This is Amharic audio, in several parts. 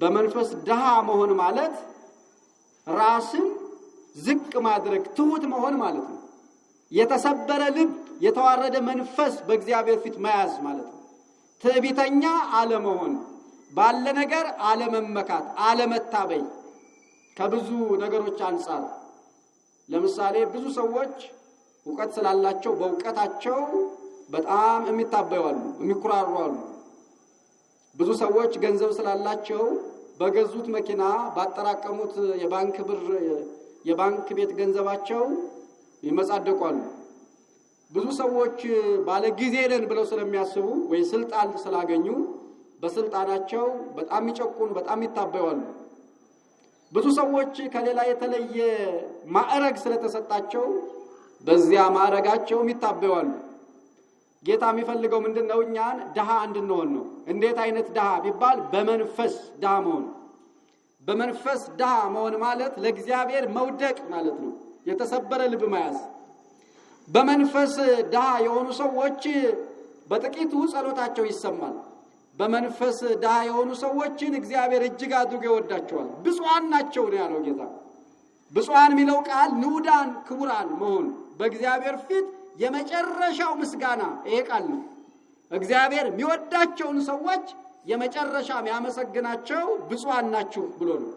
በመንፈስ ድሃ መሆን ማለት ራስን ዝቅ ማድረግ ትሁት መሆን ማለት ነው። የተሰበረ ልብ፣ የተዋረደ መንፈስ በእግዚአብሔር ፊት መያዝ ማለት ነው። ትዕቢተኛ አለመሆን፣ ባለ ነገር አለመመካት፣ አለመታበይ ከብዙ ነገሮች አንጻር ለምሳሌ ብዙ ሰዎች እውቀት ስላላቸው በእውቀታቸው በጣም የሚታበዩ አሉ፣ የሚኩራሩ አሉ። ብዙ ሰዎች ገንዘብ ስላላቸው በገዙት መኪና ባጠራቀሙት የባንክ ብር የባንክ ቤት ገንዘባቸው ይመጻደቋሉ። ብዙ ሰዎች ባለ ጊዜ ነን ብለው ስለሚያስቡ ወይ ስልጣን ስላገኙ በስልጣናቸው በጣም ይጨቁን፣ በጣም ይታበያሉ። ብዙ ሰዎች ከሌላ የተለየ ማዕረግ ስለተሰጣቸው በዚያ ማዕረጋቸውም ይታበያሉ። ጌታ የሚፈልገው ምንድን ነው? እኛን ድሃ እንድንሆን ነው። እንዴት አይነት ድሃ ቢባል በመንፈስ ድሃ መሆን። በመንፈስ ድሃ መሆን ማለት ለእግዚአብሔር መውደቅ ማለት ነው። የተሰበረ ልብ መያዝ። በመንፈስ ድሃ የሆኑ ሰዎች በጥቂቱ ጸሎታቸው ይሰማል። በመንፈስ ድሃ የሆኑ ሰዎችን እግዚአብሔር እጅግ አድርጎ ይወዳቸዋል። ብፁዓን ናቸው ነው ያለው ጌታ። ብፁዓን የሚለው ቃል ንዑዳን ክቡራን መሆን በእግዚአብሔር ፊት የመጨረሻው ምስጋና ይሄ ቃል ነው። እግዚአብሔር የሚወዳቸውን ሰዎች የመጨረሻ የሚያመሰግናቸው ብፁዓን ናችሁ ብሎ ነው።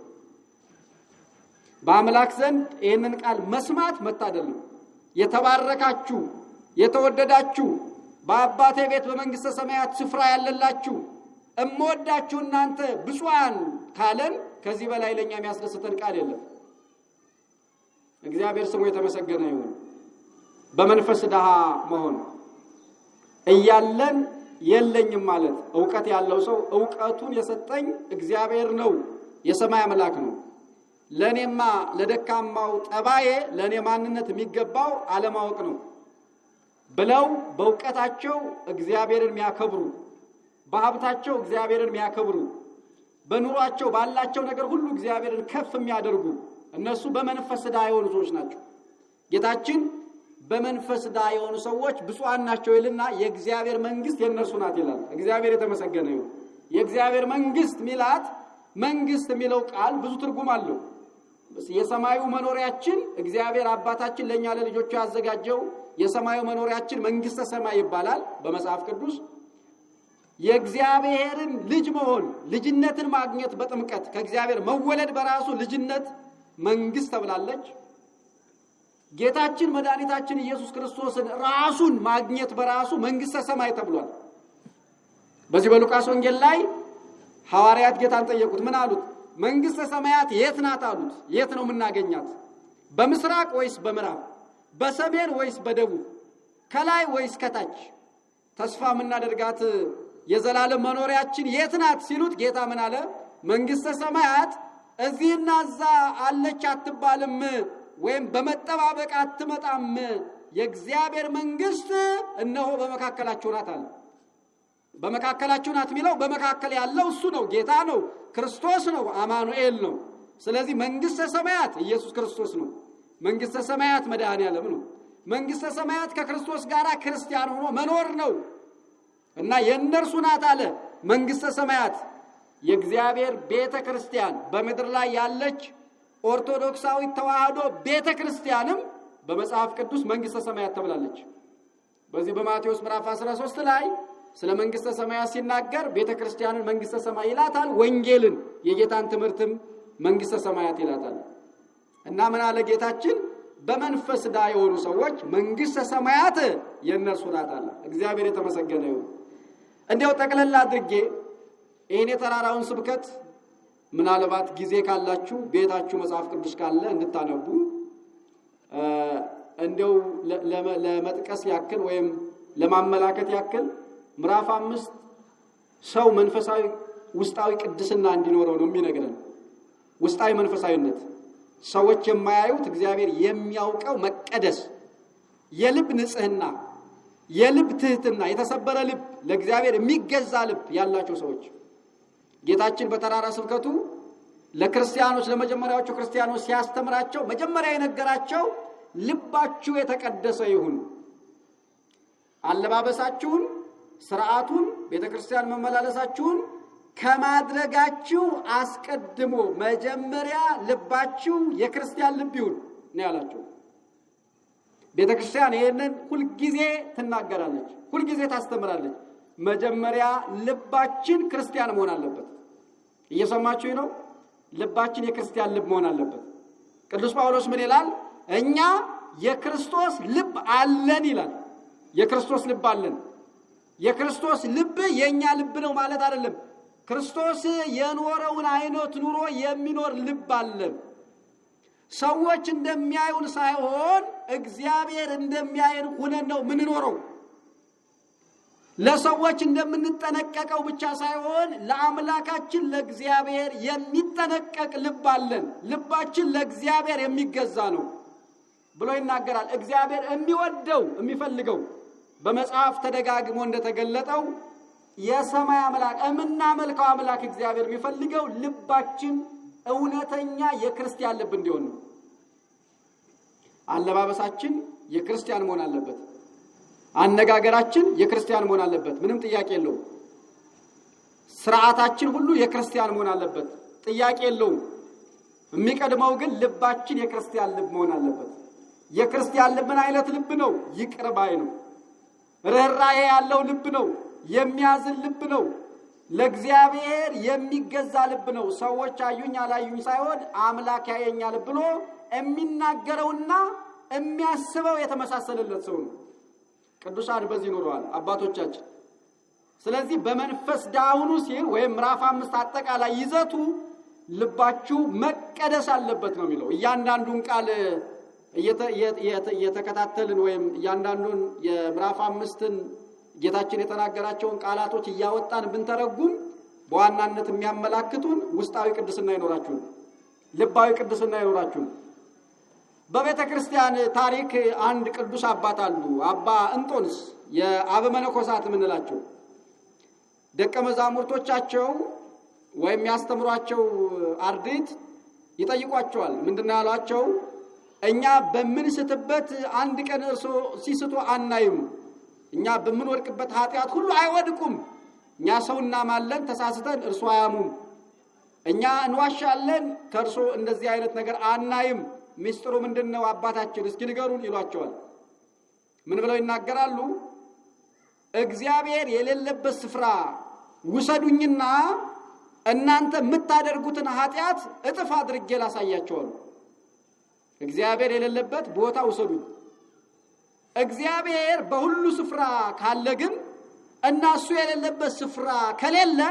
በአምላክ ዘንድ ይህንን ቃል መስማት መታደል ነው። የተባረካችሁ የተወደዳችሁ በአባቴ ቤት በመንግሥተ ሰማያት ስፍራ ያለላችሁ እምወዳችሁ እናንተ ብፁዓን ካለን ከዚህ በላይ ለእኛ የሚያስደስተን ቃል የለም። እግዚአብሔር ስሙ የተመሰገነ ይሁን። በመንፈስ ድሃ መሆን እያለን የለኝም ማለት እውቀት ያለው ሰው እውቀቱን የሰጠኝ እግዚአብሔር ነው፣ የሰማይ አምላክ ነው። ለእኔማ ለደካማው ጠባዬ ለእኔ ማንነት የሚገባው አለማወቅ ነው ብለው በእውቀታቸው እግዚአብሔርን የሚያከብሩ በሀብታቸው እግዚአብሔርን የሚያከብሩ በኑሯቸው ባላቸው ነገር ሁሉ እግዚአብሔርን ከፍ የሚያደርጉ እነሱ በመንፈስ ድሃ የሆኑ ሰዎች ናቸው። ጌታችን በመንፈስ ዳ የሆኑ ሰዎች ብፁዓን ናቸው ይልና የእግዚአብሔር መንግስት የእነርሱ ናት ይላል። እግዚአብሔር የተመሰገነ ይሁን። የእግዚአብሔር መንግስት ሚላት መንግስት የሚለው ቃል ብዙ ትርጉም አለው። የሰማዩ መኖሪያችን እግዚአብሔር አባታችን ለእኛ ለልጆቹ ያዘጋጀው የሰማዩ መኖሪያችን መንግስተ ሰማይ ይባላል በመጽሐፍ ቅዱስ። የእግዚአብሔርን ልጅ መሆን ልጅነትን ማግኘት በጥምቀት ከእግዚአብሔር መወለድ በራሱ ልጅነት መንግስት ተብላለች። ጌታችን መድኃኒታችን ኢየሱስ ክርስቶስን ራሱን ማግኘት በራሱ መንግስተ ሰማይ ተብሏል። በዚህ በሉቃስ ወንጌል ላይ ሐዋርያት ጌታን ጠየቁት። ምን አሉት? መንግስተ ሰማያት የት ናት አሉት። የት ነው የምናገኛት? በምስራቅ ወይስ በምዕራብ? በሰሜን ወይስ በደቡብ? ከላይ ወይስ ከታች? ተስፋ የምናደርጋት የዘላለም መኖሪያችን የት ናት ሲሉት ጌታ ምን አለ? መንግስተ ሰማያት እዚህና እዛ አለች አትባልም ወይም በመጠባበቅ አትመጣም። የእግዚአብሔር መንግስት እነሆ በመካከላችሁ ናት አለ። በመካከላችሁ ናት የሚለው በመካከል ያለው እሱ ነው፣ ጌታ ነው፣ ክርስቶስ ነው፣ አማኑኤል ነው። ስለዚህ መንግሥተ ሰማያት ኢየሱስ ክርስቶስ ነው። መንግሥተ ሰማያት ያለም ነው። መንግሥተ ሰማያት ከክርስቶስ ጋር ክርስቲያን ሆኖ መኖር ነው እና የእነርሱ ናት አለ። መንግሥተ ሰማያት የእግዚአብሔር ቤተ ክርስቲያን በምድር ላይ ያለች ኦርቶዶክሳዊ ተዋህዶ ቤተ ክርስቲያንም በመጽሐፍ ቅዱስ መንግስተ ሰማያት ተብላለች። በዚህ በማቴዎስ ምዕራፍ 13 ላይ ስለ መንግስተ ሰማያት ሲናገር ቤተ ክርስቲያንን መንግስተ ሰማይ ይላታል። ወንጌልን የጌታን ትምህርትም መንግስተ ሰማያት ይላታል። እና ምን አለ ጌታችን? በመንፈስ ዳ የሆኑ ሰዎች መንግስተ ሰማያት የእነርሱ ናት አለ። እግዚአብሔር የተመሰገነ ይሁን። እንዲያው ጠቅለላ አድርጌ ይህን የተራራውን ስብከት ምናልባት ጊዜ ካላችሁ ቤታችሁ መጽሐፍ ቅዱስ ካለ እንድታነቡ እንደው ለመጥቀስ ያክል ወይም ለማመላከት ያክል ምዕራፍ አምስት ሰው መንፈሳዊ ውስጣዊ ቅድስና እንዲኖረው ነው የሚነግረን። ውስጣዊ መንፈሳዊነት ሰዎች የማያዩት እግዚአብሔር የሚያውቀው መቀደስ፣ የልብ ንጽህና፣ የልብ ትህትና፣ የተሰበረ ልብ፣ ለእግዚአብሔር የሚገዛ ልብ ያላቸው ሰዎች ጌታችን በተራራ ስብከቱ ለክርስቲያኖች ለመጀመሪያዎቹ ክርስቲያኖች ሲያስተምራቸው መጀመሪያ የነገራቸው ልባችሁ የተቀደሰ ይሁን፣ አለባበሳችሁን፣ ስርዓቱን፣ ቤተ ክርስቲያን መመላለሳችሁን ከማድረጋችሁ አስቀድሞ መጀመሪያ ልባችሁ የክርስቲያን ልብ ይሁን ነው ያላቸው። ቤተ ክርስቲያን ይህንን ሁልጊዜ ትናገራለች፣ ሁልጊዜ ታስተምራለች። መጀመሪያ ልባችን ክርስቲያን መሆን አለበት። እየሰማችሁኝ ነው? ልባችን የክርስቲያን ልብ መሆን አለበት። ቅዱስ ጳውሎስ ምን ይላል? እኛ የክርስቶስ ልብ አለን ይላል። የክርስቶስ ልብ አለን። የክርስቶስ ልብ የእኛ ልብ ነው ማለት አይደለም። ክርስቶስ የኖረውን አይነት ኑሮ የሚኖር ልብ አለን። ሰዎች እንደሚያዩን ሳይሆን እግዚአብሔር እንደሚያየን ሁነን ነው ምንኖረው። ለሰዎች እንደምንጠነቀቀው ብቻ ሳይሆን ለአምላካችን ለእግዚአብሔር የሚጠነቀቅ ልብ አለን። ልባችን ለእግዚአብሔር የሚገዛ ነው ብሎ ይናገራል። እግዚአብሔር የሚወደው የሚፈልገው በመጽሐፍ ተደጋግሞ እንደተገለጠው የሰማይ አምላክ የምናመልከው አምላክ እግዚአብሔር የሚፈልገው ልባችን እውነተኛ የክርስቲያን ልብ እንዲሆን ነው። አለባበሳችን የክርስቲያን መሆን አለበት። አነጋገራችን የክርስቲያን መሆን አለበት። ምንም ጥያቄ የለውም። ስርዓታችን ሁሉ የክርስቲያን መሆን አለበት። ጥያቄ የለውም። የሚቀድመው ግን ልባችን የክርስቲያን ልብ መሆን አለበት። የክርስቲያን ልብ ምን አይነት ልብ ነው? ይቅር ባይ ነው። ርኅራኄ ያለው ልብ ነው። የሚያዝን ልብ ነው። ለእግዚአብሔር የሚገዛ ልብ ነው። ሰዎች አዩኝ አላዩኝ ሳይሆን አምላክ ያየኛል ብሎ የሚናገረውና የሚያስበው የተመሳሰለለት ሰው ነው። ቅዱሳን በዚህ ኑረዋል አባቶቻችን። ስለዚህ በመንፈስ ዳውኑ ሲል ወይም ምዕራፍ አምስት አጠቃላይ ይዘቱ ልባችሁ መቀደስ አለበት ነው የሚለው። እያንዳንዱን ቃል እየተከታተልን ወይም እያንዳንዱን የምዕራፍ አምስትን ጌታችን የተናገራቸውን ቃላቶች እያወጣን ብንተረጉም በዋናነት የሚያመላክቱን ውስጣዊ ቅድስና ይኖራችሁን፣ ልባዊ ቅድስና ይኖራችሁን በቤተ ክርስቲያን ታሪክ አንድ ቅዱስ አባት አሉ። አባ እንጦንስ የአበመነኮሳት መነኮሳት የምንላቸው ደቀ መዛሙርቶቻቸው ወይም ያስተምሯቸው አርድእት ይጠይቋቸዋል። ምንድነው ያሏቸው? እኛ በምንስትበት አንድ ቀን እርሶ ሲስቱ አናይም። እኛ በምንወድቅበት ኃጢአት ሁሉ አይወድቁም። እኛ ሰው እናማለን፣ ተሳስተን እርሶ አያሙም። እኛ እንዋሻለን፣ ከእርሶ እንደዚህ አይነት ነገር አናይም ሚስጥሩ ምንድን ነው አባታችን እስኪ ንገሩን ይሏቸዋል። ምን ብለው ይናገራሉ? እግዚአብሔር የሌለበት ስፍራ ውሰዱኝና እናንተ የምታደርጉትን ኃጢአት እጥፍ አድርጌ ላሳያቸዋሉ። እግዚአብሔር የሌለበት ቦታ ውሰዱኝ። እግዚአብሔር በሁሉ ስፍራ ካለ ግን እና እሱ የሌለበት ስፍራ ከሌለ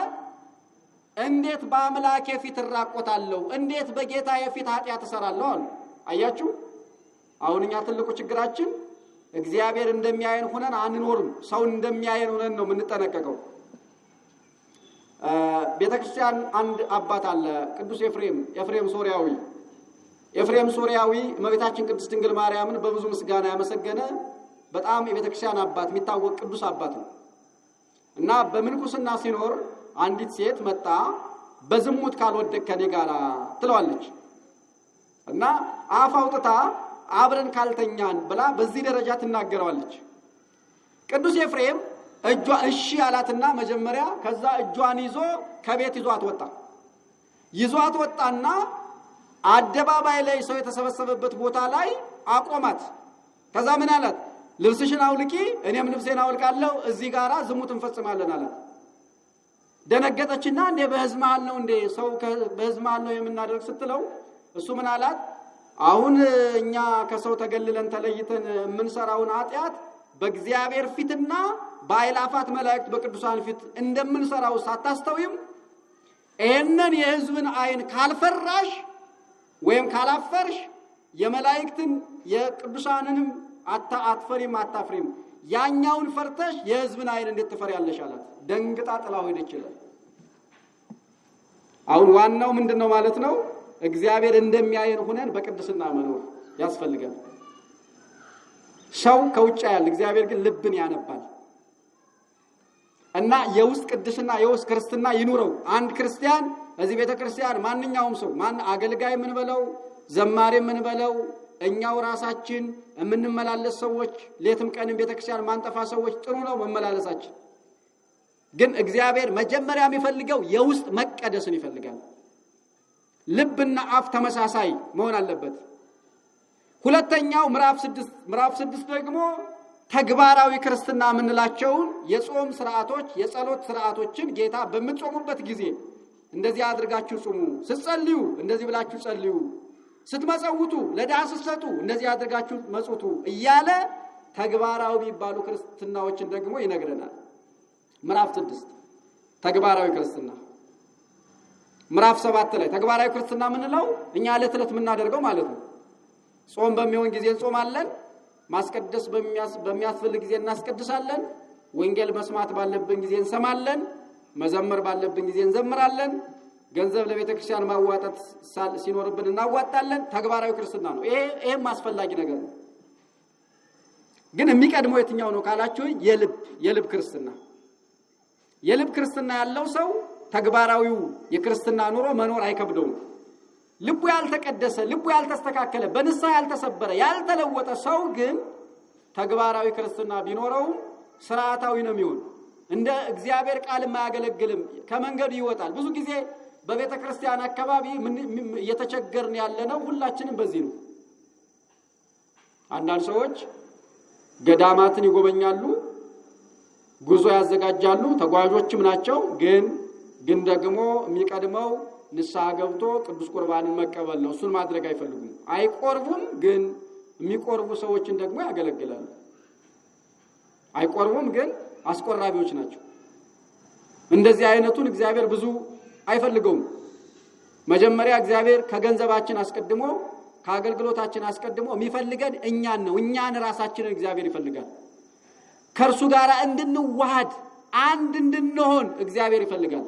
እንዴት በአምላኬ ፊት እራቆታለሁ? እንዴት በጌታ የፊት ኃጢአት እሰራለሁ አሉ። አያችሁ። አሁን እኛ ትልቁ ችግራችን እግዚአብሔር እንደሚያየን ሆነን አንኖርም። ሰው እንደሚያየን ሆነን ነው የምንጠነቀቀው። ቤተክርስቲያን አንድ አባት አለ፣ ቅዱስ ኤፍሬም ኤፍሬም ሶሪያዊ። ኤፍሬም ሶሪያዊ እመቤታችን ቅድስት ድንግል ማርያምን በብዙ ምስጋና ያመሰገነ በጣም የቤተክርስቲያን አባት የሚታወቅ ቅዱስ አባት ነው እና በምንኩስና ሲኖር አንዲት ሴት መጣ፣ በዝሙት ካልወደግ ከኔ ጋር ትለዋለች እና አፍ አውጥታ አብረን ካልተኛን ብላ በዚህ ደረጃ ትናገረዋለች። ቅዱስ ኤፍሬም እጇ እሺ አላትና መጀመሪያ ከዛ እጇን ይዞ ከቤት ይዟት ወጣ። ይዟት ወጣና አደባባይ ላይ ሰው የተሰበሰበበት ቦታ ላይ አቆማት። ከዛ ምን አላት? ልብስሽን አውልቂ፣ እኔም ልብሴን አውልቃለሁ፣ እዚህ ጋራ ዝሙት እንፈጽማለን አላት። ደነገጠችና እንዴ በህዝብ መሃል ነው እንዴ ሰው በህዝብ መሃል ነው የምናደርግ ስትለው እሱ ምን አላት? አሁን እኛ ከሰው ተገልለን ተለይተን የምንሰራውን ኃጢአት በእግዚአብሔር ፊትና በአእላፋት መላእክት በቅዱሳን ፊት እንደምንሰራው ሳታስተውይም ይህንን የሕዝብን አይን ካልፈራሽ ወይም ካላፈርሽ የመላእክትን የቅዱሳንንም አትፈሪም አታፍሪም። ያኛውን ፈርተሽ የሕዝብን አይን እንዴት ትፈሪያለሽ? አላት። ደንግጣ ጥላ ሄደች ይላል። አሁን ዋናው ምንድን ነው ማለት ነው? እግዚአብሔር እንደሚያየን ሁነን በቅድስና መኖር ያስፈልጋል። ሰው ከውጭ ያል፣ እግዚአብሔር ግን ልብን ያነባል እና የውስጥ ቅድስና የውስጥ ክርስትና ይኑረው። አንድ ክርስቲያን እዚህ ቤተ ክርስቲያን ማንኛውም ሰው ማን አገልጋይ የምንበለው ዘማሪ የምንበለው እኛው ራሳችን የምንመላለስ ሰዎች ሌትም ቀንም ቤተ ክርስቲያን ማንጠፋ ሰዎች ጥሩ ነው መመላለሳችን። ግን እግዚአብሔር መጀመሪያ የሚፈልገው የውስጥ መቀደስን ይፈልጋል። ልብና አፍ ተመሳሳይ መሆን አለበት። ሁለተኛው ምዕራፍ ስድስት ምዕራፍ ስድስት ደግሞ ተግባራዊ ክርስትና የምንላቸውን የጾም ስርዓቶች፣ የጸሎት ስርዓቶችን ጌታ በምትጾሙበት ጊዜ እንደዚህ አድርጋችሁ ጹሙ፣ ስትጸልዩ እንደዚህ ብላችሁ ጸልዩ፣ ስትመጸውቱ፣ ለድሃ ስትሰጡ እንደዚህ አድርጋችሁ መጽውቱ እያለ ተግባራዊ የሚባሉ ክርስትናዎችን ደግሞ ይነግረናል። ምዕራፍ ስድስት ተግባራዊ ክርስትና ምዕራፍ ሰባት ላይ ተግባራዊ ክርስትና የምንለው እኛ ዕለት ዕለት የምናደርገው ማለት ነው። ጾም በሚሆን ጊዜ እንጾማለን። ማስቀደስ በሚያስፈልግ ጊዜ እናስቀድሳለን። ወንጌል መስማት ባለብን ጊዜ እንሰማለን። መዘመር ባለብን ጊዜ እንዘምራለን። ገንዘብ ለቤተ ክርስቲያን ማዋጠት ሲኖርብን እናዋጣለን። ተግባራዊ ክርስትና ነው። ይህም አስፈላጊ ነገር ነው። ግን የሚቀድመው የትኛው ነው ካላችሁ፣ የልብ የልብ ክርስትና የልብ ክርስትና ያለው ሰው ተግባራዊው የክርስትና ኑሮ መኖር አይከብደውም። ልቡ ያልተቀደሰ ልቡ ያልተስተካከለ በንስሐ ያልተሰበረ ያልተለወጠ ሰው ግን ተግባራዊ ክርስትና ቢኖረውም ስርዓታዊ ነው የሚሆን። እንደ እግዚአብሔር ቃልም አያገለግልም፣ ከመንገዱ ይወጣል። ብዙ ጊዜ በቤተ ክርስቲያን አካባቢ እየተቸገርን ያለነው ሁላችንም በዚህ ነው። አንዳንድ ሰዎች ገዳማትን ይጎበኛሉ፣ ጉዞ ያዘጋጃሉ፣ ተጓዦችም ናቸው ግን ግን ደግሞ የሚቀድመው ንስሐ ገብቶ ቅዱስ ቁርባንን መቀበል ነው። እሱን ማድረግ አይፈልጉም። አይቆርቡም፣ ግን የሚቆርቡ ሰዎችን ደግሞ ያገለግላሉ። አይቆርቡም፣ ግን አስቆራቢዎች ናቸው። እንደዚህ አይነቱን እግዚአብሔር ብዙ አይፈልገውም። መጀመሪያ እግዚአብሔር ከገንዘባችን አስቀድሞ ከአገልግሎታችን አስቀድሞ የሚፈልገን እኛን ነው። እኛን ራሳችንን እግዚአብሔር ይፈልጋል። ከእርሱ ጋር እንድንዋሃድ አንድ እንድንሆን እግዚአብሔር ይፈልጋል።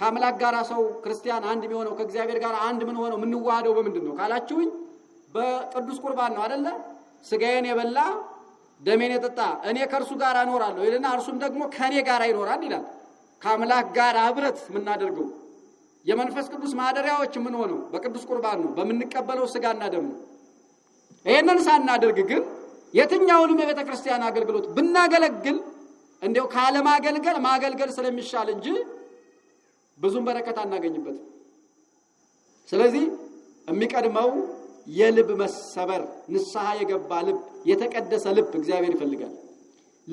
ከአምላክ ጋር ሰው ክርስቲያን አንድ የሚሆነው ከእግዚአብሔር ጋር አንድ ምን ሆነው የምንዋሃደው በምንድን ነው ካላችሁኝ፣ በቅዱስ ቁርባን ነው አደለ? ስጋዬን የበላ ደሜን የጠጣ እኔ ከእርሱ ጋር እኖራለሁ ይልና እርሱም ደግሞ ከእኔ ጋር ይኖራል ይላል። ከአምላክ ጋር ህብረት የምናደርገው የመንፈስ ቅዱስ ማደሪያዎች የምንሆነው በቅዱስ ቁርባን ነው፣ በምንቀበለው ስጋና ደም ነው። ይህንን ሳናደርግ ግን የትኛውንም የቤተ ክርስቲያን አገልግሎት ብናገለግል እንዲያው ካለማገልገል ማገልገል ስለሚሻል እንጂ ብዙም በረከት አናገኝበትም። ስለዚህ የሚቀድመው የልብ መሰበር፣ ንስሐ የገባ ልብ፣ የተቀደሰ ልብ እግዚአብሔር ይፈልጋል።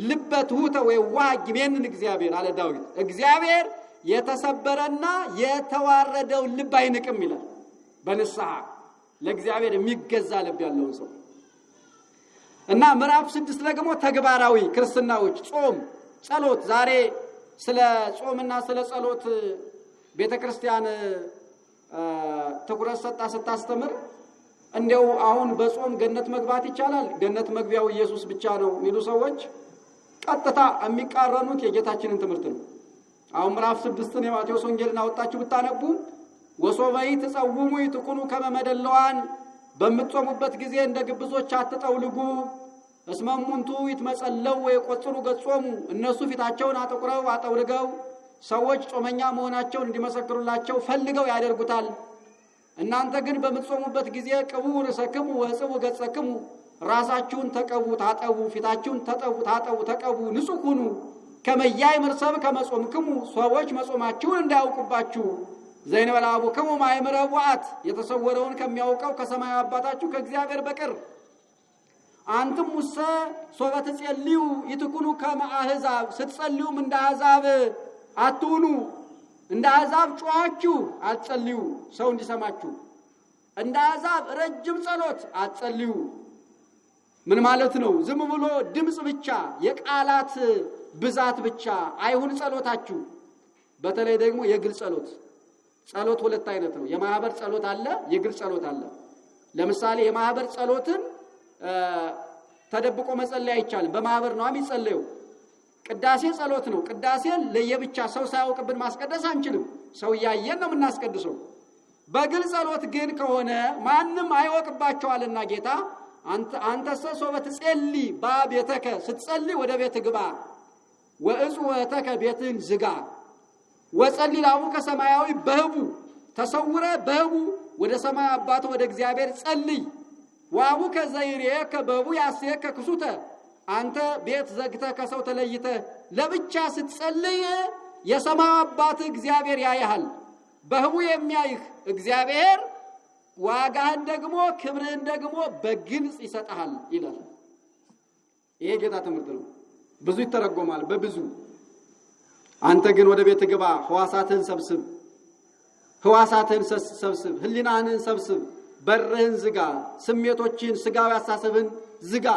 ልበ ትሑተ ወየዋህ ሜንን እግዚአብሔር አለ ዳዊት። እግዚአብሔር የተሰበረና የተዋረደው ልብ አይንቅም ይላል። በንስሐ ለእግዚአብሔር የሚገዛ ልብ ያለውን ሰው እና ምዕራፍ ስድስት ደግሞ ተግባራዊ ክርስትናዎች ጾም፣ ጸሎት ዛሬ ስለ ጾምና ስለ ጸሎት ቤተ ክርስቲያን ትኩረት ሰጣ ስታስተምር እንዲያው አሁን በጾም ገነት መግባት ይቻላል፣ ገነት መግቢያው ኢየሱስ ብቻ ነው የሚሉ ሰዎች ቀጥታ የሚቃረኑት የጌታችንን ትምህርት ነው። አሁን ምዕራፍ ስድስትን የማቴዎስ ወንጌልን አወጣችሁ ብታነቡ ወሶበይ ትጸውሙ ይትቁኑ ከመመደለዋን በምትጾሙበት ጊዜ እንደ ግብዞች አትጠውልጉ። እስመሙንቱ ይትመጸለው ወይቆጽሩ ገጾሙ እነሱ ፊታቸውን አጠቁረው አጠውልገው ሰዎች ጾመኛ መሆናቸውን እንዲመሰክሩላቸው ፈልገው ያደርጉታል። እናንተ ግን በምትጾሙበት ጊዜ ቅቡ ርእሰክሙ ወሕጽቡ ገጸክሙ፣ ራሳችሁን ተቀቡ፣ ታጠቡ፣ ፊታችሁን ተጠቡ፣ ታጠቡ፣ ተቀቡ፣ ንጹሕ ሁኑ ከመያይ ምርሰብ ከመጾምክሙ ሰዎች መጾማችሁን እንዳያውቁባችሁ ክሙ ማይምረ ቡአት የተሰወረውን ከሚያውቀው ከሰማይ አባታችሁ ከእግዚአብሔር በቀር አንትም ውሰ ሶበ ይትኩኑ ከመ ስትጸልዩም እንደ አትሁኑ፣ እንደ አሕዛብ ጮኋችሁ አትጸልዩ፣ ሰው እንዲሰማችሁ። እንደ አሕዛብ ረጅም ጸሎት አትጸልዩ። ምን ማለት ነው? ዝም ብሎ ድምፅ ብቻ፣ የቃላት ብዛት ብቻ አይሁን ጸሎታችሁ። በተለይ ደግሞ የግል ጸሎት። ጸሎት ሁለት አይነት ነው። የማህበር ጸሎት አለ፣ የግል ጸሎት አለ። ለምሳሌ የማህበር ጸሎትን ተደብቆ መጸለይ አይቻልም። በማህበር ነው የሚጸለየው። ቅዳሴ ጸሎት ነው። ቅዳሴ ለየብቻ ሰው ሳያውቅብን ማስቀደስ አንችልም። ሰው እያየን ነው የምናስቀድሰው። በግል ጸሎት ግን ከሆነ ማንም አይወቅባቸዋልና ጌታ አንተሰ ሶበ ትጼልይ በቤተከ ስትጸልይ ወደ ቤት ግባ፣ ወእጽወተከ ቤትን ዝጋ። ወጸልይ ላቡከ ከሰማያዊ በህቡ ተሰውረ በህቡ ወደ ሰማይ አባት ወደ እግዚአብሔር ጸልይ። ዋቡ ከዘይሬ ከበቡ ያስየከ ክሱተ አንተ ቤት ዘግተህ ከሰው ተለይተህ ለብቻ ስትጸልይ የሰማዩ አባት እግዚአብሔር ያይሃል። በህቡ የሚያይህ እግዚአብሔር ዋጋህን ደግሞ ክብርህን ደግሞ በግልጽ ይሰጠሃል ይላል። ይሄ ጌታ ትምህርት ነው። ብዙ ይተረጎማል በብዙ አንተ ግን ወደ ቤት ግባ፣ ህዋሳትህን ሰብስብ፣ ህዋሳትህን ሰብስብ፣ ህሊናህንን ሰብስብ፣ በርህን ዝጋ፣ ስሜቶችን ስጋዊ አሳሰብህን ዝጋ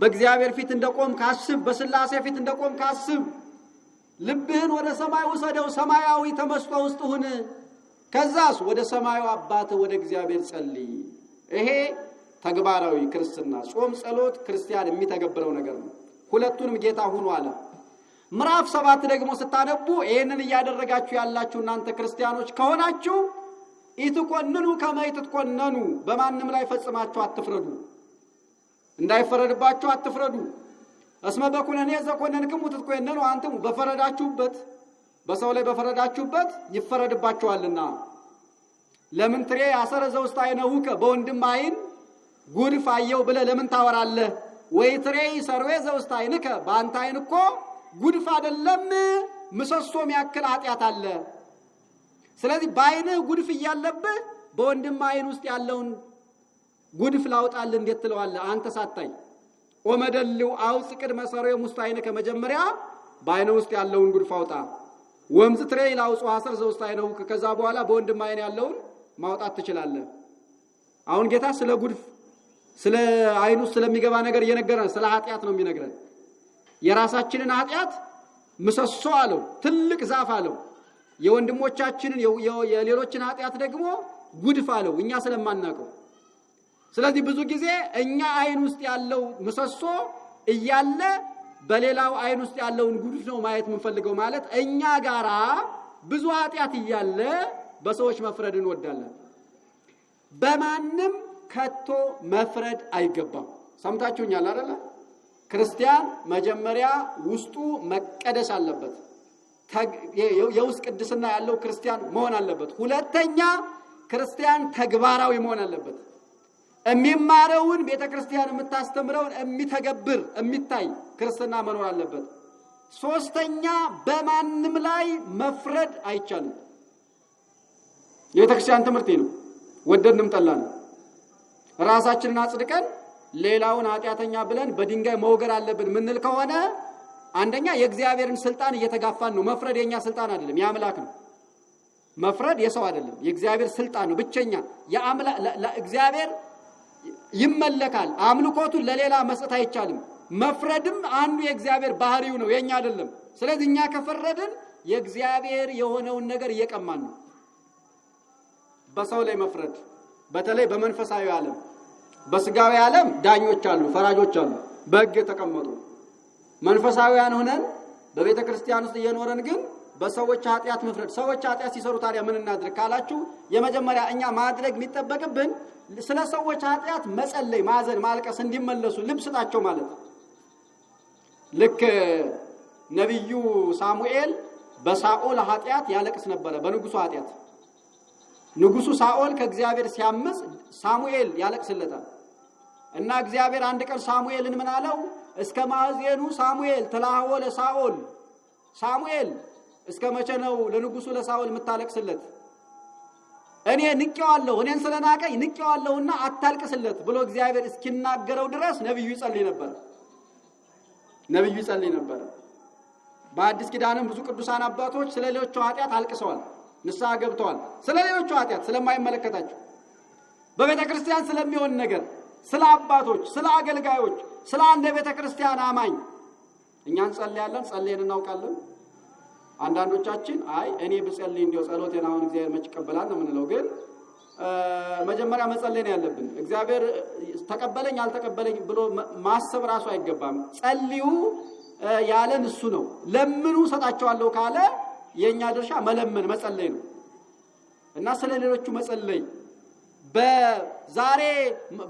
በእግዚአብሔር ፊት እንደቆም ካስብ፣ በስላሴ ፊት እንደቆም ካስብ፣ ልብህን ወደ ሰማይ ውሰደው፣ ሰማያዊ ተመስጦ ውስጥ ሁን። ከዛስ ወደ ሰማዩ አባት ወደ እግዚአብሔር ጸልይ። ይሄ ተግባራዊ ክርስትና፣ ጾም፣ ጸሎት ክርስቲያን የሚተገብረው ነገር ነው። ሁለቱንም ጌታ ሁኑ አለ። ምዕራፍ ሰባት ደግሞ ስታነቡ ይህንን እያደረጋችሁ ያላችሁ እናንተ ክርስቲያኖች ከሆናችሁ ኢትቆንኑ ከመ ኢትትኮነኑ፣ በማንም ላይ ፈጽማችሁ አትፍረዱ እንዳይፈረድባችሁ አትፍረዱ። እስመ በኩነኔ ዘኮነንክሙ ትትኮነኑ አንተም በፈረዳችሁበት በሰው ላይ በፈረዳችሁበት ይፈረድባችኋልና። ለምን ትሬ አሰረ ዘውስተ አይነውከ በወንድም አይን ጉድፍ አየው ብለ ለምን ታወራለህ? ወይ ትሬ ይሰርዌ ዘውስተ አይንከ በአንተ አይን እኮ ጉድፍ አይደለም ምሰሶም ያክል ኃጢአት አለ። ስለዚህ በአይንህ ጉድፍ እያለብህ በወንድም አይን ውስጥ ያለውን ጉድፍ ላውጣልህ እንዴት ትለዋለ አንተ ሳታይ ኦመደልው አውፅ ቅድመ ሰሬው ውስጥ አይነ ከመጀመሪያ በአይነ ውስጥ ያለውን ጉድፍ አውጣ። ወምዝ ትሬ ላውጽ ሐሰር ዘውስጥ አይነው ከዛ በኋላ በወንድም አይን ያለውን ማውጣት ትችላለ። አሁን ጌታ ስለ ጉድፍ ስለ አይኑ ስለሚገባ ነገር እየነገረን ስለ ኃጢአት ነው የሚነግረን። የራሳችንን ኃጢአት ምሰሶ አለው፣ ትልቅ ዛፍ አለው። የወንድሞቻችንን የሌሎችን ኃጢአት ደግሞ ጉድፍ አለው እኛ ስለማናውቀው ስለዚህ ብዙ ጊዜ እኛ አይን ውስጥ ያለው ምሰሶ እያለ በሌላው አይን ውስጥ ያለውን ጉድፍ ነው ማየት የምንፈልገው። ማለት እኛ ጋራ ብዙ ኃጢአት እያለ በሰዎች መፍረድ እንወዳለን። በማንም ከቶ መፍረድ አይገባም። ሰምታችሁኛል አይደለ? ክርስቲያን መጀመሪያ ውስጡ መቀደስ አለበት። የውስጥ ቅድስና ያለው ክርስቲያን መሆን አለበት። ሁለተኛ ክርስቲያን ተግባራዊ መሆን አለበት። የሚማረውን ቤተ ክርስቲያን የምታስተምረውን የሚተገብር የሚታይ ክርስትና መኖር አለበት። ሶስተኛ በማንም ላይ መፍረድ አይቻልም። የቤተ ክርስቲያን ትምህርት ነው፣ ወደድንም ጠላን። ራሳችንን አጽድቀን ሌላውን ኃጢአተኛ ብለን በድንጋይ መውገድ አለብን ምንል ከሆነ አንደኛ የእግዚአብሔርን ስልጣን እየተጋፋን ነው። መፍረድ የእኛ ስልጣን አይደለም፣ የአምላክ ነው። መፍረድ የሰው አይደለም፣ የእግዚአብሔር ስልጣን ነው። ብቸኛ እግዚአብሔር ይመለካል። አምልኮቱን ለሌላ መስጠት አይቻልም። መፍረድም አንዱ የእግዚአብሔር ባህሪው ነው፣ የእኛ አይደለም። ስለዚህ እኛ ከፈረድን የእግዚአብሔር የሆነውን ነገር እየቀማን ነው። በሰው ላይ መፍረድ በተለይ በመንፈሳዊ ዓለም፣ በስጋዊ ዓለም ዳኞች አሉ፣ ፈራጆች አሉ፣ በሕግ የተቀመጡ። መንፈሳዊያን ሆነን በቤተ ክርስቲያን ውስጥ እየኖረን ግን በሰዎች ኃጢአት መፍረድ። ሰዎች ኃጢአት ሲሰሩ ታዲያ ምን እናድርግ ካላችሁ የመጀመሪያ እኛ ማድረግ የሚጠበቅብን ስለ ሰዎች ኃጢአት መጸለይ፣ ማዘን፣ ማልቀስ እንዲመለሱ ልብስ ስጣቸው ማለት ነው። ልክ ነቢዩ ሳሙኤል በሳኦል ኃጢአት ያለቅስ ነበረ፣ በንጉሱ ኃጢአት። ንጉሱ ሳኦል ከእግዚአብሔር ሲያምፅ ሳሙኤል ያለቅስለታል እና እግዚአብሔር አንድ ቀን ሳሙኤልን ምን አለው? እስከ ማዕዜኑ ሳሙኤል ትላህወ ሳኦል ሳሙኤል እስከ መቼ ነው ለንጉሱ ለሳውል የምታለቅስለት? እኔ ንቄዋለሁ፣ እኔን ስለናቀኝ ንቄዋለሁና አታልቅስለት ብሎ እግዚአብሔር እስኪናገረው ድረስ ነቢዩ ይጸልይ ነበር። ነቢዩ ይጸልይ ነበር። በአዲስ ኪዳንም ብዙ ቅዱሳን አባቶች ስለ ሌሎቹ ኃጢአት አልቅሰዋል፣ ንስሐ ገብተዋል። ስለ ሌሎቹ ኃጢአት ስለማይመለከታቸው በቤተ ክርስቲያን ስለሚሆን ነገር፣ ስለ አባቶች፣ ስለ አገልጋዮች፣ ስለ አንድ የቤተ ክርስቲያን አማኝ እኛ እንጸልያለን፣ ጸልየን እናውቃለን። አንዳንዶቻችን አይ እኔ ብጸልይ እንዲያው ጸሎቴን አሁን እግዚአብሔር መች ይቀበላል ነው የምንለው። ግን መጀመሪያ መጸለይ ነው ያለብን። እግዚአብሔር ተቀበለኝ አልተቀበለኝ ብሎ ማሰብ ራሱ አይገባም። ጸልዩ ያለን እሱ ነው። ለምኑ ሰጣቸዋለሁ ካለ የእኛ ድርሻ መለመን መጸለይ ነው እና ስለ ሌሎቹ መጸለይ በዛሬ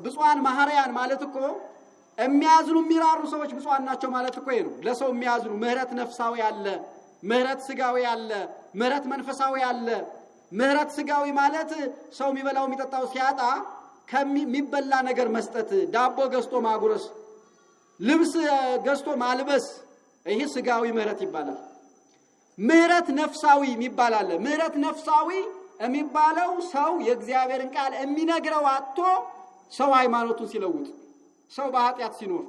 ብፁዓን ማህሪያን ማለት እኮ የሚያዝኑ የሚራሩ ሰዎች ብፁዓን ናቸው ማለት እኮ ነው። ለሰው የሚያዝኑ ምህረት ነፍሳዊ ያለ ምህረት ስጋዊ አለ፣ ምህረት መንፈሳዊ አለ። ምህረት ስጋዊ ማለት ሰው የሚበላው የሚጠጣው ሲያጣ ከሚበላ ነገር መስጠት፣ ዳቦ ገዝቶ ማጉረስ፣ ልብስ ገዝቶ ማልበስ፣ ይሄ ስጋዊ ምህረት ይባላል። ምህረት ነፍሳዊ የሚባል አለ። ምህረት ነፍሳዊ የሚባለው ሰው የእግዚአብሔርን ቃል የሚነግረው አጥቶ ሰው ሃይማኖቱን ሲለውጥ፣ ሰው በኃጢአት ሲኖር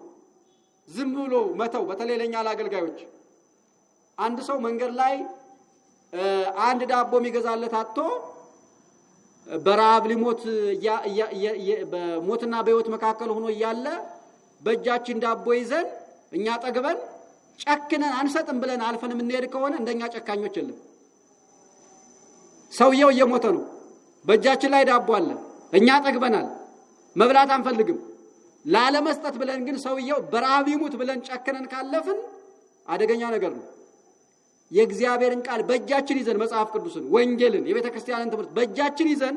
ዝም ብሎ መተው፣ በተለይ ለእኛ ለአገልጋዮች አንድ ሰው መንገድ ላይ አንድ ዳቦ የሚገዛለት አጥቶ በረሃብ ሊሞት በሞትና በሕይወት መካከል ሆኖ እያለ በእጃችን ዳቦ ይዘን እኛ ጠግበን ጨክነን አንሰጥም ብለን አልፈን የምንሄድ ከሆነ እንደኛ ጨካኞች የለም። ሰውየው እየሞተ ነው። በእጃችን ላይ ዳቦ አለ፣ እኛ ጠግበናል፣ መብላት አንፈልግም። ላለመስጠት ብለን ግን ሰውየው በረሃብ ይሙት ብለን ጨክነን ካለፍን አደገኛ ነገር ነው። የእግዚአብሔርን ቃል በእጃችን ይዘን መጽሐፍ ቅዱስን፣ ወንጌልን፣ የቤተ ክርስቲያንን ትምህርት በእጃችን ይዘን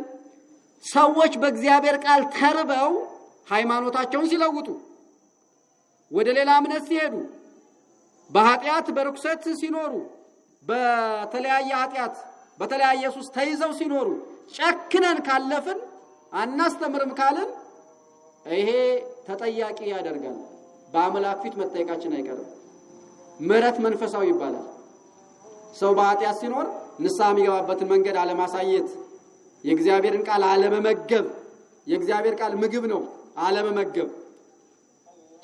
ሰዎች በእግዚአብሔር ቃል ተርበው ሃይማኖታቸውን ሲለውጡ ወደ ሌላ እምነት ሲሄዱ በኃጢአት በርኩሰት ሲኖሩ በተለያየ ኃጢአት በተለያየ ሱስ ተይዘው ሲኖሩ ጨክነን ካለፍን አናስተምርም ካልን ይሄ ተጠያቂ ያደርጋል። በአምላክ ፊት መጠየቃችን አይቀርም። ምሕረት መንፈሳዊ ይባላል። ሰው በኃጢአት ሲኖር ንስሐ የሚገባበትን መንገድ አለማሳየት፣ የእግዚአብሔርን ቃል አለመመገብ፣ የእግዚአብሔር ቃል ምግብ ነው፣ አለመመገብ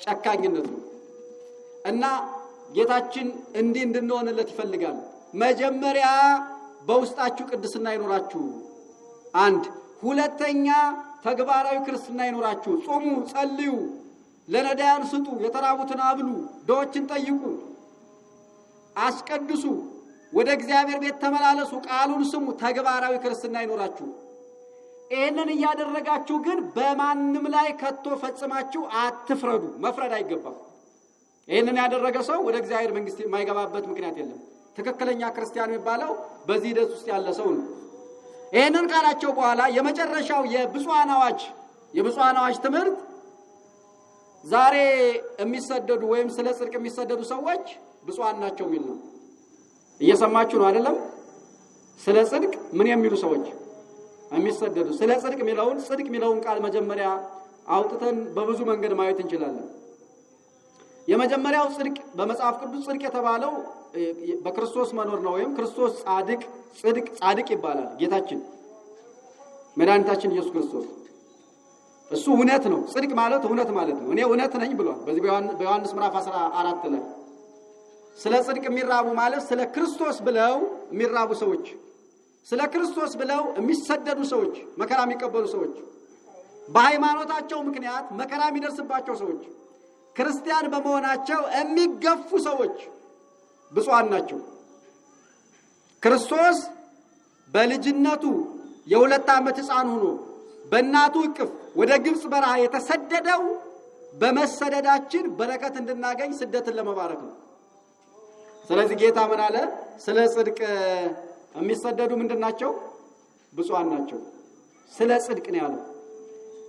ጨካኝነት ነው እና ጌታችን እንዲህ እንድንሆንለት ይፈልጋል። መጀመሪያ በውስጣችሁ ቅድስና ይኖራችሁ፣ አንድ ሁለተኛ ተግባራዊ ክርስትና ይኖራችሁ። ጾሙ፣ ጸልዩ፣ ለነዳያን ስጡ፣ የተራቡትን አብሉ፣ ድሆችን ጠይቁ፣ አስቀድሱ ወደ እግዚአብሔር ቤት ተመላለሱ፣ ቃሉን ስሙ፣ ተግባራዊ ክርስትና ይኖራችሁ። ይህንን እያደረጋችሁ ግን በማንም ላይ ከቶ ፈጽማችሁ አትፍረዱ። መፍረድ አይገባም። ይህንን ያደረገ ሰው ወደ እግዚአብሔር መንግስት የማይገባበት ምክንያት የለም። ትክክለኛ ክርስቲያን የሚባለው በዚህ ሂደት ውስጥ ያለ ሰው ነው። ይህንን ካላቸው በኋላ የመጨረሻው የብፁዓን አዋጅ የብፁዓን አዋጅ ትምህርት ዛሬ የሚሰደዱ ወይም ስለ ጽድቅ የሚሰደዱ ሰዎች ብፁዓን ናቸው የሚል ነው። እየሰማችሁ ነው አይደለም? ስለ ጽድቅ ምን የሚሉ ሰዎች የሚሰደዱ ስለ ጽድቅ የሚለውን ጽድቅ የሚለውን ቃል መጀመሪያ አውጥተን በብዙ መንገድ ማየት እንችላለን። የመጀመሪያው ጽድቅ በመጽሐፍ ቅዱስ ጽድቅ የተባለው በክርስቶስ መኖር ነው። ወይም ክርስቶስ ጻድቅ ጽድቅ ጻድቅ ይባላል። ጌታችን መድኃኒታችን ኢየሱስ ክርስቶስ እሱ እውነት ነው። ጽድቅ ማለት እውነት ማለት ነው። እኔ እውነት ነኝ ብሏል በዚህ በዮሐንስ ምዕራፍ 14 ላይ ስለ ጽድቅ የሚራቡ ማለት ስለ ክርስቶስ ብለው የሚራቡ ሰዎች፣ ስለ ክርስቶስ ብለው የሚሰደዱ ሰዎች፣ መከራ የሚቀበሉ ሰዎች፣ በሃይማኖታቸው ምክንያት መከራ የሚደርስባቸው ሰዎች፣ ክርስቲያን በመሆናቸው የሚገፉ ሰዎች ብፁዓን ናቸው። ክርስቶስ በልጅነቱ የሁለት ዓመት ሕፃን ሆኖ በእናቱ እቅፍ ወደ ግብፅ በረሃ የተሰደደው በመሰደዳችን በረከት እንድናገኝ ስደትን ለመባረክ ነው። ስለዚህ ጌታ ምን አለ? ስለ ጽድቅ የሚሰደዱ ምንድን ናቸው? ብፁዓን ናቸው። ስለ ጽድቅ ነው ያለው።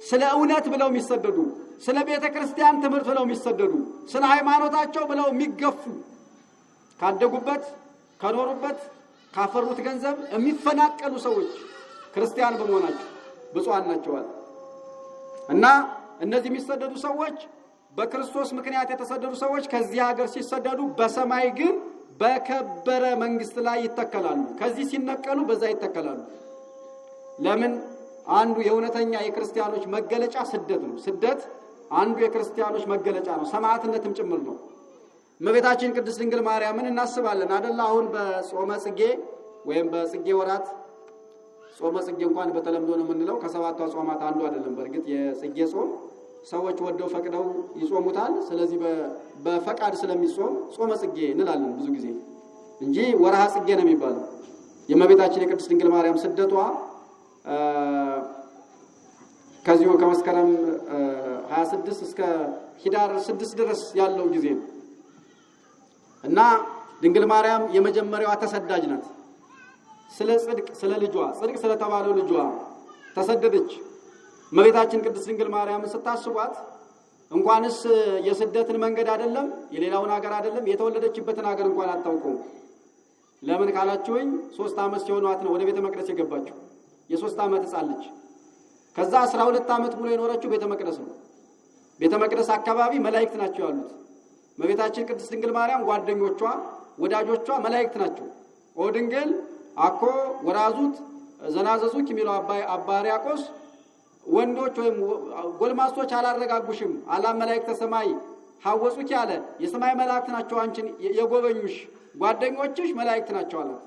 ስለ እውነት ብለው የሚሰደዱ፣ ስለ ቤተ ክርስቲያን ትምህርት ብለው የሚሰደዱ፣ ስለ ሃይማኖታቸው ብለው የሚገፉ ካደጉበት ከኖሩበት ካፈሩት ገንዘብ የሚፈናቀሉ ሰዎች ክርስቲያን በመሆናቸው ብፁዓን ናቸዋል። እና እነዚህ የሚሰደዱ ሰዎች በክርስቶስ ምክንያት የተሰደዱ ሰዎች ከዚህ ሀገር ሲሰደዱ በሰማይ ግን በከበረ መንግስት ላይ ይተከላሉ። ከዚህ ሲነቀሉ በዛ ይተከላሉ። ለምን? አንዱ የእውነተኛ የክርስቲያኖች መገለጫ ስደት ነው። ስደት አንዱ የክርስቲያኖች መገለጫ ነው፣ ሰማዕትነትም ጭምር ነው። እመቤታችን ቅድስት ድንግል ማርያምን እናስባለን አደላ። አሁን በጾመ ጽጌ ወይም በጽጌ ወራት ጾመ ጽጌ እንኳን በተለምዶ ነው የምንለው። ከሰባቷ ጾማት አንዱ አይደለም። በእርግጥ የጽጌ ጾም ሰዎች ወደው ፈቅደው ይጾሙታል። ስለዚህ በፈቃድ ስለሚጾም ጾመ ጽጌ እንላለን ብዙ ጊዜ እንጂ ወርሃ ጽጌ ነው የሚባለው። የእመቤታችን የቅድስት ድንግል ማርያም ስደቷ ከዚሁ ከመስከረም 26 እስከ ሂዳር 6 ድረስ ያለው ጊዜ ነው እና ድንግል ማርያም የመጀመሪያዋ ተሰዳጅ ናት። ስለ ጽድቅ ስለ ልጇ ጽድቅ ስለተባለው ልጇ ተሰደደች። እመቤታችን ቅድስት ድንግል ማርያም ስታስቧት እንኳንስ የስደትን መንገድ አይደለም የሌላውን ሀገር አይደለም የተወለደችበትን ሀገር እንኳን አታውቁም። ለምን ካላችሁኝ ሶስት ዓመት ሲሆኗት ነው ወደ ቤተ መቅደስ የገባችው። የሶስት ዓመት ሕፃን ልጅ ከዛ አስራ ሁለት ዓመት ሙሉ የኖረችው ቤተ መቅደስ ነው። ቤተ መቅደስ አካባቢ መላእክት ናቸው ያሉት። እመቤታችን ቅድስት ድንግል ማርያም ጓደኞቿ፣ ወዳጆቿ መላእክት ናቸው። ኦ ድንግል አኮ ወራዙት ዘናዘዙ የሚለው አባ ሕርያቆስ ወንዶች ወይም ጎልማሶች አላረጋጉሽም አላ መላእክተ ሰማይ ሐወጹኪ አለ። የሰማይ መላእክት ናቸው አንቺን የጎበኙሽ ጓደኞችሽ መላእክት ናቸው አላት።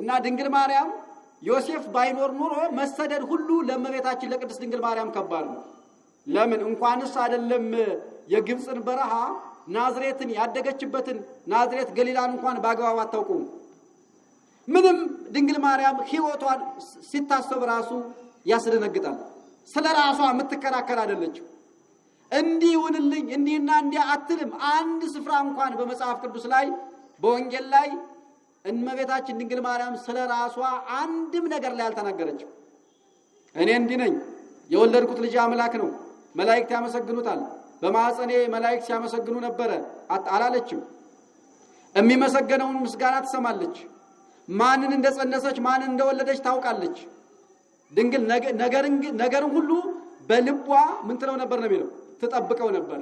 እና ድንግል ማርያም ዮሴፍ ባይኖር ኑሮ መሰደድ ሁሉ ለእመቤታችን ለቅድስት ድንግል ማርያም ከባድ ነው። ለምን እንኳንስ አይደለም የግብፅን በረሃ ናዝሬትን ያደገችበትን ናዝሬት ገሊላን እንኳን በአግባብ አታውቁም። ምንም ድንግል ማርያም ሕይወቷን ሲታሰብ ራሱ ያስደነግጣል። ስለ ራሷ የምትከራከር አይደለችው። እንዲህ ይሁንልኝ እንዲህና እንዲህ አትልም። አንድ ስፍራ እንኳን በመጽሐፍ ቅዱስ ላይ በወንጌል ላይ እመቤታችን ድንግል ማርያም ስለ ራሷ አንድም ነገር ላይ አልተናገረችው። እኔ እንዲህ ነኝ፣ የወለድኩት ልጅ አምላክ ነው፣ መላእክት ያመሰግኑታል፣ በማዕፀኔ መላእክት ሲያመሰግኑ ነበረ አላለችም። የሚመሰገነውን ምስጋና ትሰማለች። ማንን እንደጸነሰች ማንን እንደወለደች ታውቃለች። ድንግል ነገርን ሁሉ በልቧ ምን ትለው ነበር ነው የሚለው ትጠብቀው ነበረ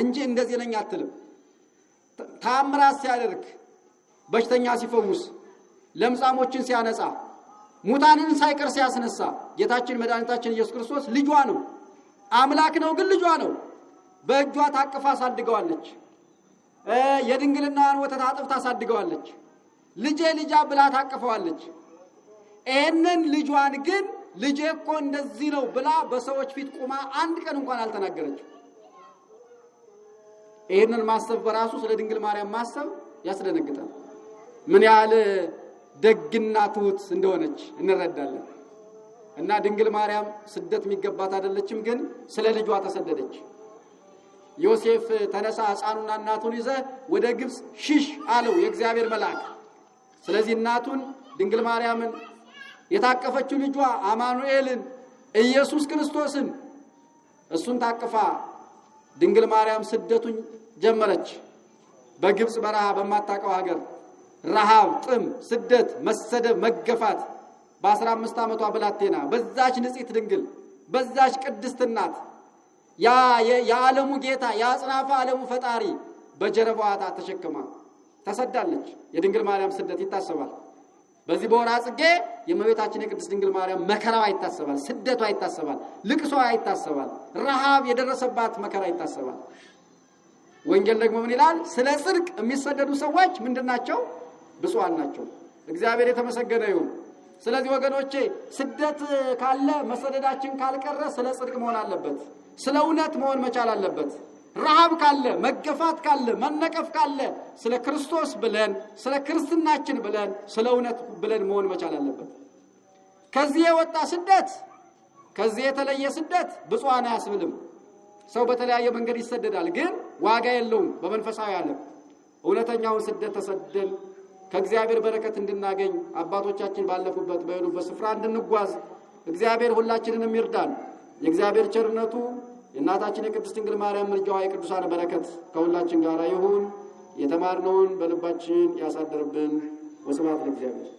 እንጂ እንደዚህ ነኝ አትልም። ታምራት ሲያደርግ፣ በሽተኛ ሲፈውስ፣ ለምጻሞችን ሲያነጻ፣ ሙታንን ሳይቀር ሲያስነሳ ጌታችን መድኃኒታችን ኢየሱስ ክርስቶስ ልጇ ነው፣ አምላክ ነው፣ ግን ልጇ ነው። በእጇ ታቅፋ አሳድገዋለች። የድንግልናዋን ወተት አጥብታ አሳድገዋለች። ልጄ ልጃ ብላ ታቅፈዋለች። ይህንን ልጇን ግን ልጄ እኮ እንደዚህ ነው ብላ በሰዎች ፊት ቁማ አንድ ቀን እንኳን አልተናገረችው። ይህንን ማሰብ በራሱ ስለ ድንግል ማርያም ማሰብ ያስደነግጣል። ምን ያህል ደግና ትሁት እንደሆነች እንረዳለን። እና ድንግል ማርያም ስደት የሚገባት አይደለችም፣ ግን ስለ ልጇ ተሰደደች። ዮሴፍ ተነሳ፣ ሕፃኑና እናቱን ይዘ ወደ ግብፅ ሽሽ አለው የእግዚአብሔር መልአክ። ስለዚህ እናቱን ድንግል ማርያምን የታቀፈችው ልጇ አማኑኤልን ኢየሱስ ክርስቶስን እሱን ታቅፋ ድንግል ማርያም ስደቱን ጀመረች። በግብፅ በረሃ በማታውቀው ሀገር ረሃብ፣ ጥም፣ ስደት፣ መሰደብ፣ መገፋት በ15 ዓመቷ ብላቴና በዛች ንጽሕት ድንግል በዛች ቅድስት እናት የዓለሙ ጌታ የአጽናፈ ዓለሙ ፈጣሪ በጀርባዋ ተሸክማ ተሰዳለች። የድንግል ማርያም ስደት ይታሰባል። በዚህ በወርሃ ጽጌ የእመቤታችን የቅድስት ድንግል ማርያም መከራዋ ይታሰባል፣ ስደቷ ይታሰባል፣ ልቅሷ ይታሰባል፣ ረሃብ የደረሰባት መከራ ይታሰባል። ወንጌል ደግሞ ምን ይላል? ስለ ጽድቅ የሚሰደዱ ሰዎች ናቸው? ብፁዓን ናቸው። እግዚአብሔር የተመሰገነ ይሁን። ስለዚህ ወገኖቼ ስደት ካለ መሰደዳችን ካልቀረ ስለ ጽድቅ መሆን አለበት፣ ስለ እውነት መሆን መቻል አለበት። ረሃብ ካለ መገፋት ካለ መነቀፍ ካለ ስለ ክርስቶስ ብለን ስለ ክርስትናችን ብለን ስለ እውነት ብለን መሆን መቻል አለበት። ከዚህ የወጣ ስደት ከዚህ የተለየ ስደት ብፁዓን አያስብልም። ሰው በተለያየ መንገድ ይሰደዳል፣ ግን ዋጋ የለውም በመንፈሳዊ ዓለም። እውነተኛውን ስደት ተሰደን ከእግዚአብሔር በረከት እንድናገኝ አባቶቻችን ባለፉበት በሄዱበት ስፍራ እንድንጓዝ እግዚአብሔር ሁላችንንም ይርዳን። የእግዚአብሔር ቸርነቱ የእናታችን የቅድስት ድንግል ማርያም ምልጃዋ የቅዱሳን በረከት ከሁላችን ጋር ይሁን። የተማርነውን በልባችን ያሳደርብን። ወስብሐት ለእግዚአብሔር።